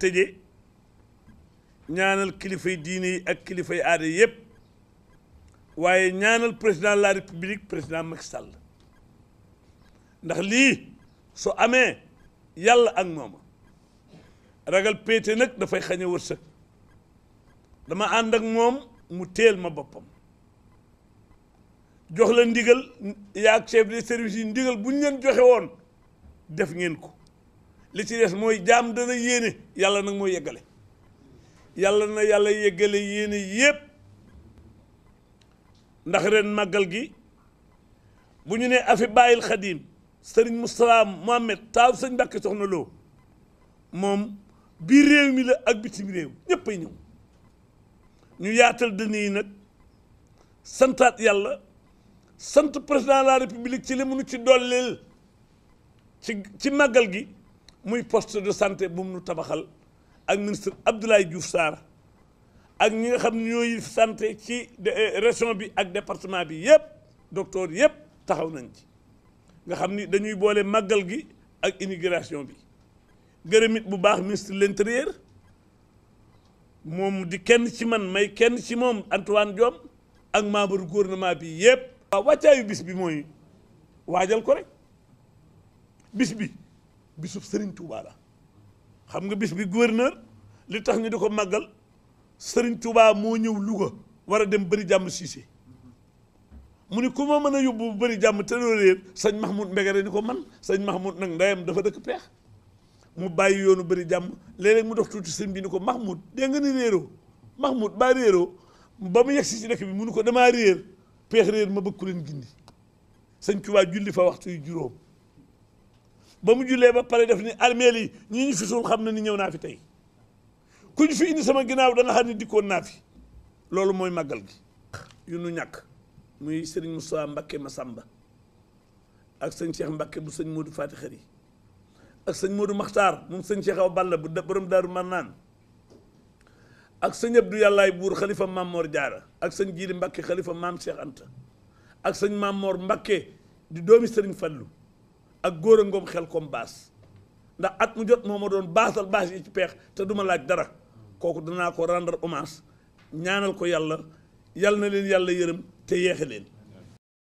tëje ñaanal kilifay diine yi ak kilifay aada yépp waaye ñaanal président de la république président Macky ndax lii su amee yàlla ak moom ragal péete nag dafay xañe a wërsëg dama ànd ak moom mu téel ma boppam jox la ndigal yaag chef de service yi ndigal bu ñu leen joxe woon def ngeen ko li ci des mooy jaam dana yéene yàlla nag moo yeggale yàlla na yàlla yeggale yéene yépp ndax ren màggal gi bu ñu nee afi bàyyil xadiim sëriñ Moustapha Mohamed taaw sëñ Mbàkke soxna loo moom biir réew mi la ak bitim réew ñëpp ñëw ñu yaatal dënn yi nag santaat yàlla sant président la république ci li mu nu ci dolleel ci màggal gi muy post de santé bu mu nu tabaxal ak ministre Abdoulaye Diouf Sarr ak ñi nga xam ñooy santé ci eh, région bi ak département bi yëpp docteur yëpp taxaw nañ ci nga xam ni dañuy boole màggal gi ak immigration bi gërëmit bu baax ministre de l'intérieur moom di kenn ci man may kenn ci moom Antoine Diome ak membre gouvernement bi yëpp. waaw wàccaayu bis bi mooy waajal ko rek bis bi. bisub Serigne Touba la xam nga bis bi gouverneur li tax ñu di ko màggal sëriñ Touba moo ñëw Louga war a dem bari jàmm Cissé mu ni ku ma mën a yóbbu bu jàmm te loolu yëpp sëñ ni ko man sëñ Mahmoud nag ndeyam dafa dëkk peex mu bàyyi yoonu bari jàmm léeg mu dox tuuti sëñ bi ni ko Mahmoud dégg nga ni réeroo Mahmoud baa réeroo ba mu yegsi ci dëkk bi mu ni ko damaa réer peex réer ma bëgg ku leen gindi sëñ Touba julli fa waxtu yu juróom. ba mu jullee ba pare def ni armeel yi ñii ñu fi xam na ni ñëw naa fi tey ku ñu fi indi sama ginnaaw da nga xam ni dikkoon naa fi loolu mooy màggal gi yu nu ñàkk muy sëriñ Moussa Mbakke Masamba ak sëñ Cheikh Mbakke bu sëñ Modou Fati Xari ak sëñ Modou Maxtaar moom sëñ Cheikh Aw Balla bu daru Daaru Marnaan ak sëñ Abdou Yàllaay buur xalifa Maam Mor Jaara ak sëñ Jiili Mbakke xalifa Maam Cheikh Anta ak sëñ Maam Mor Mbakke di doomi sëriñ Fallu ak góor a ngoom xel comme baas ndax at mu jot moo ma doon baasal baas yi ci peex te duma laaj dara kooku danaa ko rendre hommage ñaanal ko yàlla yàlla na leen yàlla yërëm te yéexe leen